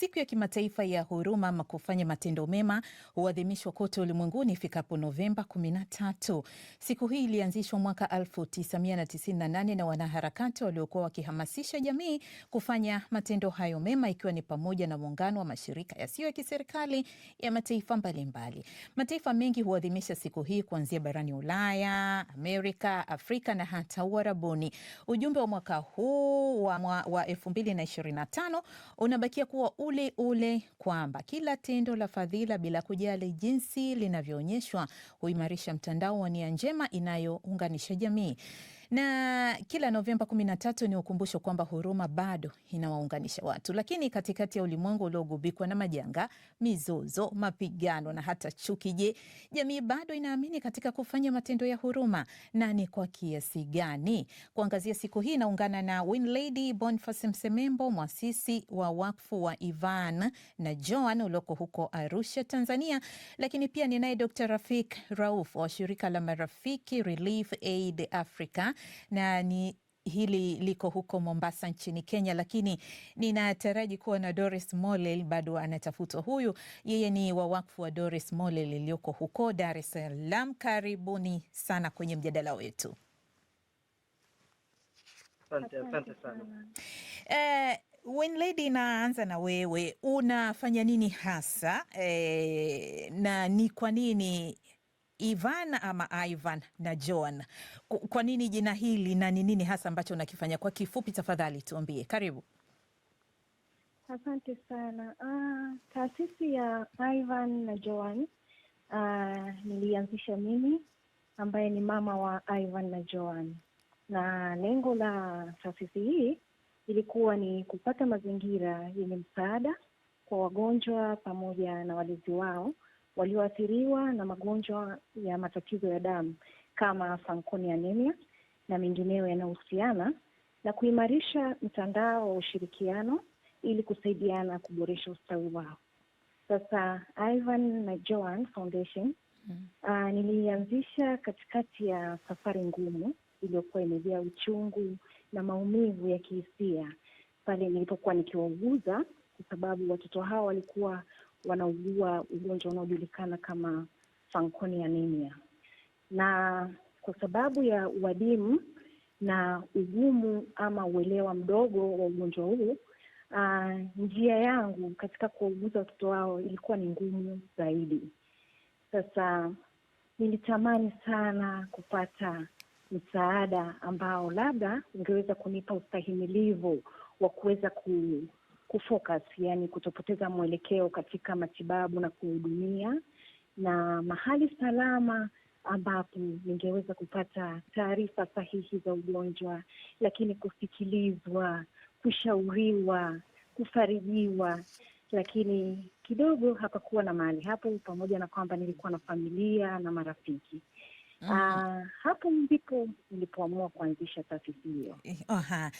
Siku ya Kimataifa ya Huruma ama Kufanya Matendo Mema huadhimishwa kote ulimwenguni ifikapo Novemba 13. Siku hii ilianzishwa mwaka 1998 na wanaharakati waliokuwa wakihamasisha jamii kufanya matendo hayo mema, ikiwa ni pamoja na muungano wa mashirika yasiyo ya kiserikali ya mataifa mbalimbali mbali. Mataifa mengi huadhimisha siku hii kuanzia barani Ulaya, Amerika, Afrika na hata Uarabuni. Ujumbe wa mwaka huu wa wa 2025 unabakia kuwa ule ule kwamba kila tendo la fadhila bila kujali jinsi linavyoonyeshwa huimarisha mtandao wa nia njema inayounganisha jamii. Na kila Novemba 13 ni ukumbusho kwamba huruma bado inawaunganisha watu, lakini katikati ya ulimwengu uliogubikwa na majanga, mizozo, mapigano na hata chuki, je, jamii bado inaamini katika kufanya matendo ya huruma na ni kwa kiasi gani? Kuangazia siku hii, naungana na Winlady Boniface Msemembo, mwasisi wa wakfu wa Ivan na Joan ulioko huko Arusha, Tanzania, lakini pia ninaye Dr. Rafik Rauf wa shirika la Marafiki Relief Aid Africa na ni hili liko huko Mombasa nchini Kenya, lakini ninataraji kuwa na Doris Molel bado anatafutwa. Huyu yeye ni wa wakfu wa Doris Molel iliyoko huko Dar es Salaam. Karibuni sana kwenye mjadala wetu. Asante, asante sana. Eh, Winlady, naanza na wewe, unafanya nini hasa eh, na ni kwa nini Ivana ama Ivan na Joan. Kwa nini jina hili na ni nini hasa ambacho unakifanya? Kwa kifupi tafadhali tuambie. Karibu. Asante sana. Uh, taasisi ya Ivan na Joan uh, ah, nilianzisha mimi ambaye ni mama wa Ivan na Joan, na lengo la taasisi hii ilikuwa ni kupata mazingira yenye msaada kwa wagonjwa pamoja na walezi wao walioathiriwa na magonjwa ya matatizo ya damu kama Fanconi anemia na mengineo yanayohusiana na kuimarisha mtandao wa ushirikiano ili kusaidiana kuboresha ustawi wao. Sasa Ivan na Joan Foundation mm. uh, nilianzisha katikati ya safari ngumu iliyokuwa imejaa uchungu na maumivu ya kihisia pale nilipokuwa nikiwauguza, kwa sababu watoto hao walikuwa wanaugua ugonjwa unaojulikana kama Fanconi anemia, na kwa sababu ya uadimu na ugumu ama uelewa mdogo wa ugonjwa huu Uh, njia yangu katika kuwauguza watoto wao ilikuwa ni ngumu zaidi. Sasa nilitamani sana kupata msaada ambao labda ungeweza kunipa ustahimilivu wa kuweza ku, kufocus, yani kutopoteza mwelekeo katika matibabu na kuhudumia, na mahali salama ambapo ningeweza kupata taarifa sahihi za ugonjwa, lakini kusikilizwa, kushauriwa, kufarijiwa, lakini kidogo hapakuwa na mahali hapo, pamoja na kwamba nilikuwa na familia na marafiki. Mm. Uh, hapo ndipo nilipoamua kuanzisha taasisi hiyo. Aha.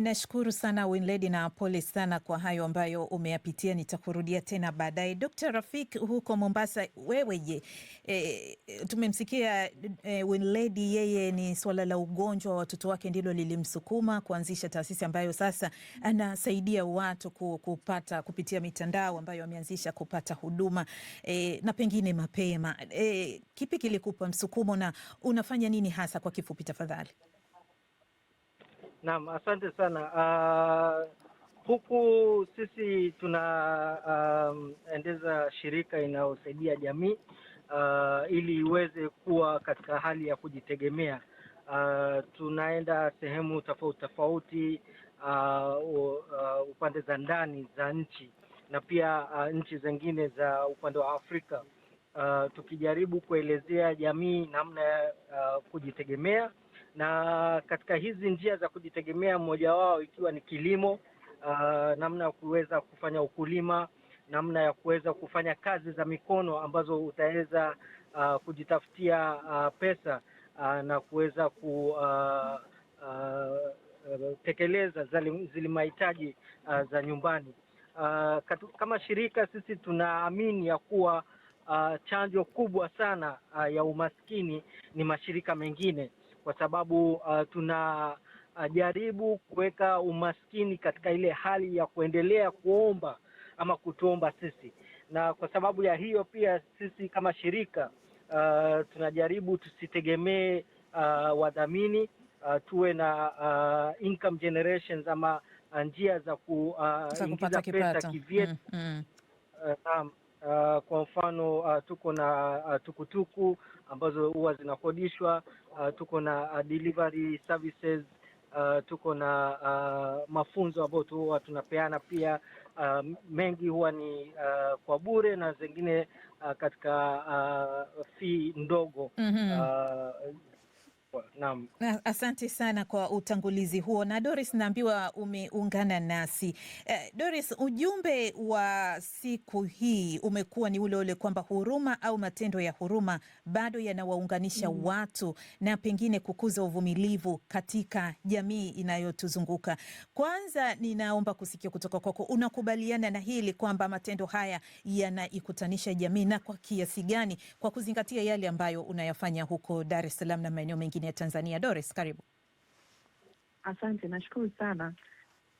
Nashukuru sana Winledi na pole sana kwa hayo ambayo umeyapitia, nitakurudia tena baadaye. Dr. Rafik huko Mombasa, wewe je, e, tumemsikia e, Winledi yeye ni suala la ugonjwa wa watoto wake ndilo lilimsukuma kuanzisha taasisi ambayo sasa anasaidia watu kupata kupitia mitandao ambayo ameanzisha kupata huduma e, na pengine mapema. E, kipi kilikupa msukuma mfumo na unafanya nini hasa, kwa kifupi tafadhali? Naam, asante sana. Uh, huku sisi tunaendeza um, shirika inayosaidia jamii uh, ili iweze kuwa katika hali ya kujitegemea. Uh, tunaenda sehemu tofauti tofauti uh, uh, upande za ndani za nchi na pia uh, nchi zingine za upande wa Afrika uh, tukijaribu kuelezea jamii namna ya uh, kujitegemea na katika hizi njia za kujitegemea mmoja wao ikiwa ni kilimo uh, namna ya kuweza kufanya ukulima, namna ya kuweza kufanya kazi za mikono ambazo utaweza uh, kujitafutia uh, pesa uh, na kuweza ku uh, uh, uh tekeleza zile mahitaji uh, za nyumbani. Uh, katu, kama shirika sisi tunaamini ya kuwa uh, chanjo kubwa sana uh, ya umaskini ni mashirika mengine, kwa sababu uh, tuna uh, jaribu kuweka umaskini katika ile hali ya kuendelea kuomba ama kutuomba sisi, na kwa sababu ya hiyo pia sisi kama shirika uh, tunajaribu tusitegemee uh, wadhamini uh, tuwe na uh, income generations ama njia za kuingiza uh, pesa kivyetu mm, mm. Uh, um, Uh, kwa mfano uh, tuko na uh, tukutuku ambazo huwa zinakodishwa uh, tuko na uh, delivery services uh, tuko na uh, mafunzo ambayo huwa tunapeana pia uh, mengi huwa ni uh, kwa bure na zingine uh, katika uh, fee ndogo mm -hmm. uh, na, asante sana kwa utangulizi huo. Na Doris, naambiwa umeungana nasi. Eh, Doris, ujumbe wa siku hii umekuwa ni ule ule kwamba huruma au matendo ya huruma bado yanawaunganisha mm, watu na pengine kukuza uvumilivu katika jamii inayotuzunguka. Kwanza ninaomba kusikia kutoka kwako, unakubaliana na hili kwamba matendo haya yanaikutanisha jamii na kwa kiasi gani, kwa kuzingatia yale ambayo unayafanya huko Dar es Salaam na maeneo mengine ya Tanzania. Doris, karibu. Asante, nashukuru sana.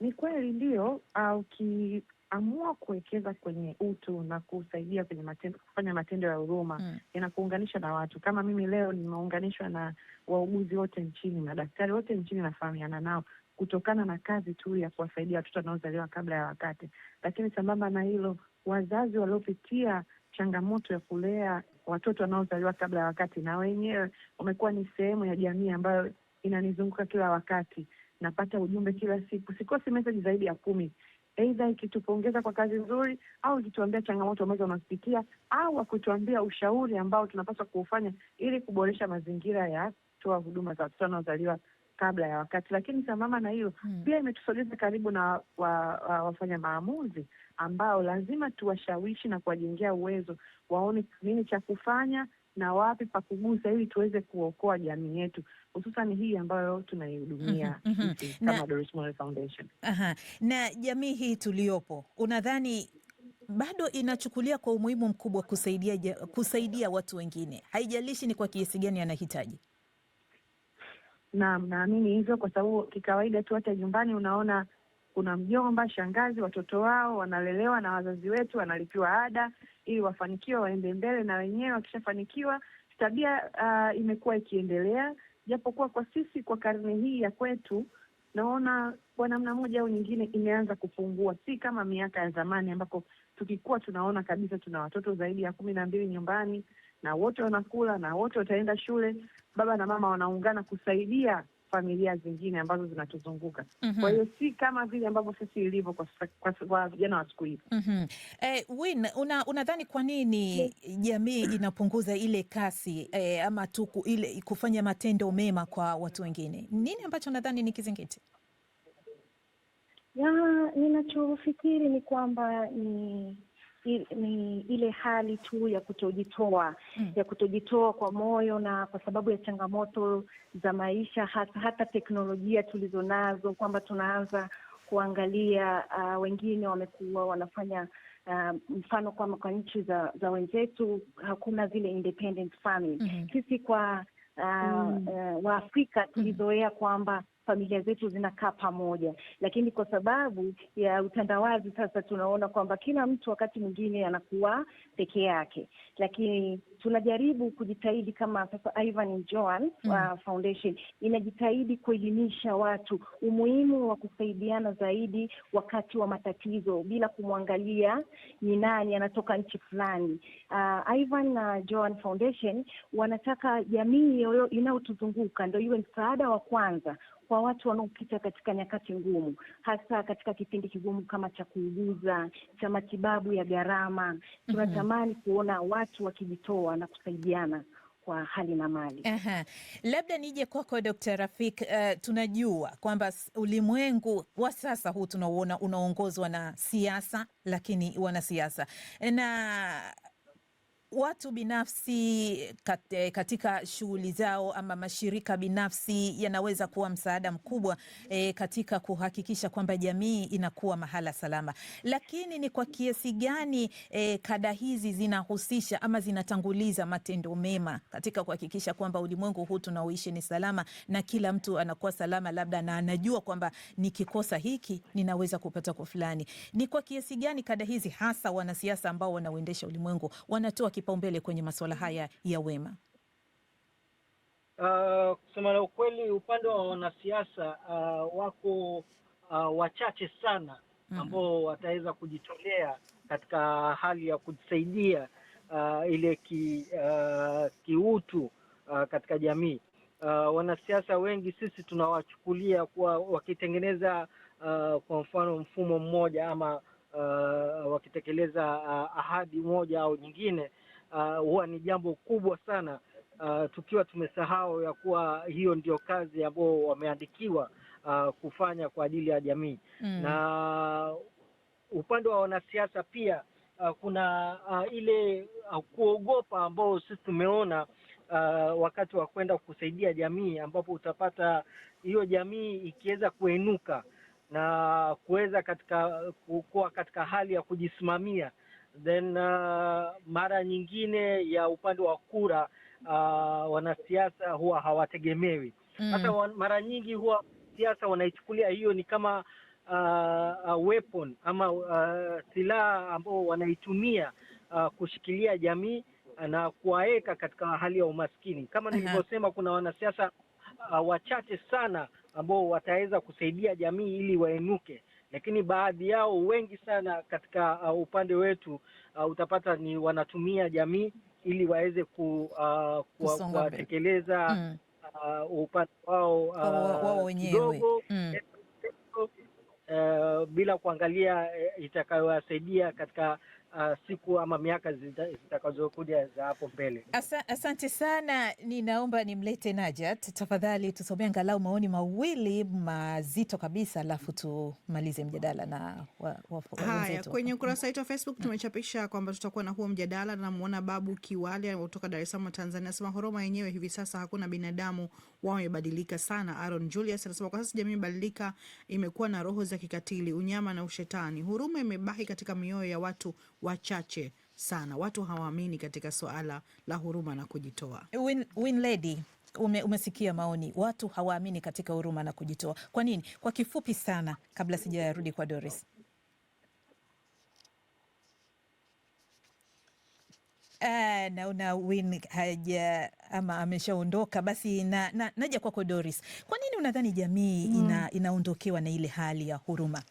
Ni kweli ndio, ah, ukiamua kuwekeza kwenye utu na kusaidia kwenye matendo, kufanya matendo ya huruma mm, inakuunganisha na watu. Kama mimi leo nimeunganishwa na wauguzi wote nchini, madaktari wote nchini, nafahamiana nao kutokana na kazi tu ya kuwasaidia watoto wanaozaliwa kabla ya wakati. Lakini sambamba na hilo, wazazi waliopitia changamoto ya kulea watoto wanaozaliwa kabla ya wakati, na wenyewe wamekuwa ni sehemu ya jamii ambayo inanizunguka kila wakati. Napata ujumbe kila siku, sikosi meseji zaidi ya kumi, eidha ikitupongeza kwa kazi nzuri au ikituambia changamoto ambazo wanazipitia au wakutuambia ushauri ambao tunapaswa kuufanya ili kuboresha mazingira ya kutoa huduma za watoto wanaozaliwa kabla ya wakati. Lakini sambamba na hiyo hmm, pia imetusogeza karibu na wa, wa, wafanya maamuzi ambao lazima tuwashawishi na kuwajengea uwezo, waone nini cha kufanya na wapi pa kugusa ili tuweze kuokoa jamii yetu hususan hii ambayo tunaihudumia mm -hmm, mm -hmm. kama Doris Moral Foundation. Aha. Na jamii hii tuliyopo, unadhani bado inachukulia kwa umuhimu mkubwa kusaidia, kusaidia watu wengine, haijalishi ni kwa kiasi gani anahitaji? Naam, naamini hivyo kwa sababu kikawaida tu hata nyumbani unaona kuna mjomba, shangazi, watoto wao wanalelewa na wazazi wetu, wanalipiwa ada ili wafanikiwe, waende mbele na wenyewe. Wakishafanikiwa tabia uh, imekuwa ikiendelea, japokuwa kwa sisi, kwa karne hii ya kwetu, naona kwa namna moja au nyingine imeanza kupungua, si kama miaka ya zamani ambako tukikuwa tunaona kabisa tuna watoto zaidi ya kumi na mbili nyumbani na wote wanakula na wote wataenda shule. Baba na mama wanaungana kusaidia familia zingine ambazo zinatuzunguka mm -hmm. Kwa hiyo si kama vile ambavyo sisi ilivyo kwa vijana wa siku hizi mm -hmm. Eh, Win, unadhani kwa nini jamii inapunguza ile kasi eh, ama tu ile kufanya matendo mema kwa watu wengine? Nini ambacho nadhani ni kizingiti? Ya, ninachofikiri ni kwamba ni ni ile hali tu ya kutojitoa mm. ya kutojitoa kwa moyo na kwa sababu ya changamoto za maisha, hata, hata teknolojia tulizonazo kwamba tunaanza kuangalia uh, wengine wamekuwa wanafanya uh, mfano kama kwa nchi za, za wenzetu hakuna zile independent family mm -hmm. Sisi kwa uh, mm. uh, Waafrika hmm. tulizoea kwamba familia zetu zinakaa pamoja, lakini kwa sababu ya utandawazi sasa tunaona kwamba kila mtu wakati mwingine anakuwa peke yake, lakini tunajaribu kujitahidi kama sasa Ivan and Joan mm. Foundation inajitahidi kuelimisha watu umuhimu wa kusaidiana zaidi wakati wa matatizo bila kumwangalia ni nani anatoka nchi fulani. Uh, Ivan na Joan Foundation wanataka jamii inayotuzunguka ndo iwe msaada wa kwanza kwa watu wanaopita katika nyakati ngumu, hasa katika kipindi kigumu kama cha kuuguza, cha matibabu ya gharama. Mhm. Tunatamani kuona watu wakijitoa na kusaidiana kwa hali na mali. Aha. Labda nije kwako Dr. Rafik. Uh, tunajua kwamba ulimwengu wa sasa huu tunauona unaongozwa na siasa, lakini wanasiasa na watu binafsi katika shughuli zao ama mashirika binafsi yanaweza kuwa msaada mkubwa e, katika kuhakikisha kwamba jamii inakuwa mahala salama, lakini ni kwa kiasi gani e, kada hizi zinahusisha ama zinatanguliza matendo mema katika kuhakikisha kwamba ulimwengu huu tunaoishi ni salama na kila mtu anakuwa salama, labda na anajua kwamba nikikosa hiki ninaweza kupata kwa fulani. Ni kwa kiasi gani kada hizi hasa wanasiasa ambao wanauendesha ulimwengu wanatoa kipaumbele kwenye masuala haya ya wema? Uh, kusema ukweli, upande wa wanasiasa uh, wako uh, wachache sana mhm. ambao wataweza kujitolea katika hali ya kusaidia uh, ile ki, uh, kiutu uh, katika jamii uh, wanasiasa wengi sisi tunawachukulia kuwa wakitengeneza uh, kwa mfano mfumo mmoja ama uh, wakitekeleza uh, ahadi moja au nyingine uh, huwa ni jambo kubwa sana uh, tukiwa tumesahau ya kuwa hiyo ndio kazi ambayo wameandikiwa uh, kufanya kwa ajili ya jamii mm. Na upande wa wanasiasa pia uh, kuna uh, ile uh, kuogopa ambao sisi tumeona Uh, wakati wa kwenda kusaidia jamii ambapo utapata hiyo jamii ikiweza kuenuka na kuweza katika kuwa katika hali ya kujisimamia then uh, mara nyingine ya upande wa kura uh, wanasiasa huwa hawategemewi mm. hata mm. Mara nyingi huwa siasa wanaichukulia hiyo ni kama uh, uh, weapon ama uh, silaha ambao wanaitumia uh, kushikilia jamii na kuwaweka katika hali ya umaskini kama Nilivyosema, kuna wanasiasa uh, wachache sana ambao wataweza kusaidia jamii ili waenuke lakini baadhi yao wengi sana katika uh, upande wetu uh, utapata ni wanatumia jamii ili waweze uh, kuwatekeleza uh, mm. uh, upande wao uh, uh, bila kuangalia eh, itakayowasaidia katika uh, siku ama miaka zitakazokuja za hapo mbele. Asa, asante sana. Ninaomba nimlete Najat tafadhali, tusomee angalau maoni mawili mazito kabisa, alafu tumalize mjadala na wa, wa, wa haya. Kwenye ukurasa wetu wa Facebook tumechapisha kwamba tutakuwa na huo mjadala. Namwona Babu Kiwale kutoka Dar es Salaam, Tanzania, anasema Horoma yenyewe hivi sasa hakuna binadamu, wao wamebadilika sana. Aaron Julius anasema kwa sasa jamii imebadilika, imekuwa na roho za kikatili, unyama na ushetani. Huruma imebaki katika mioyo ya watu wachache sana. Watu hawaamini katika suala la huruma na kujitoa. Win, win lady ume, umesikia maoni, watu hawaamini katika huruma na kujitoa. Kwa nini? Kwa kifupi sana, kabla sijarudi kwa Doris. Ah, eh, naona Win haja ama ameshaondoka. Basi na, na, naja kwako Doris, kwa nini unadhani jamii mm, ina, inaondokewa na ile hali ya huruma?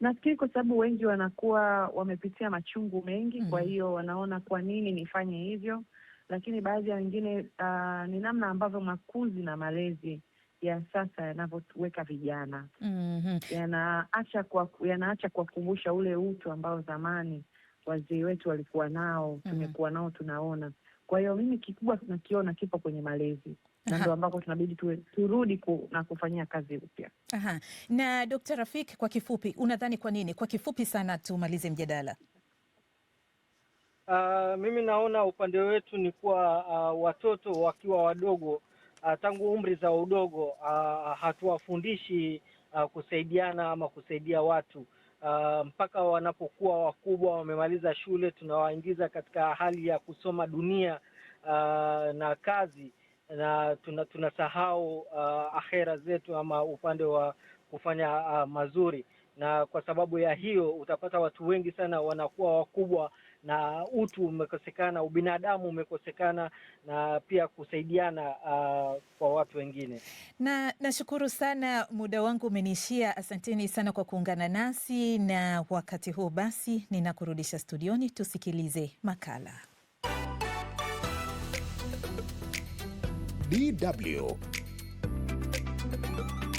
Nafikiri kwa sababu wengi wanakuwa wamepitia machungu mengi, kwa mm-hmm. hiyo wanaona kwa nini nifanye hivyo, lakini baadhi ya wengine uh, ni namna ambavyo makuzi na malezi ya sasa yanavyoweka vijana mm -hmm. yanaacha kwa yanaacha kuwakumbusha ule utu ambao zamani wazee wetu walikuwa nao, mm-hmm. tumekuwa nao tunaona. Kwa hiyo mimi kikubwa nakiona kipo kwenye malezi na ndio ambako tunabidi turudi ku, na kufanyia kazi upya. Aha. Na Dkt. Rafik, kwa kifupi unadhani kwa nini, kwa kifupi sana tumalize mjadala? Uh, mimi naona upande wetu ni kuwa uh, watoto wakiwa wadogo uh, tangu umri za udogo uh, hatuwafundishi uh, kusaidiana ama kusaidia watu uh, mpaka wanapokuwa wakubwa wamemaliza shule tunawaingiza katika hali ya kusoma dunia uh, na kazi na tunasahau tuna uh, akhera zetu ama upande wa kufanya uh, mazuri, na kwa sababu ya hiyo utapata watu wengi sana wanakuwa wakubwa na utu umekosekana, ubinadamu umekosekana, na pia kusaidiana uh, kwa watu wengine. Na nashukuru sana, muda wangu umeniishia. Asanteni sana kwa kuungana nasi, na wakati huu basi ninakurudisha studioni tusikilize makala. DW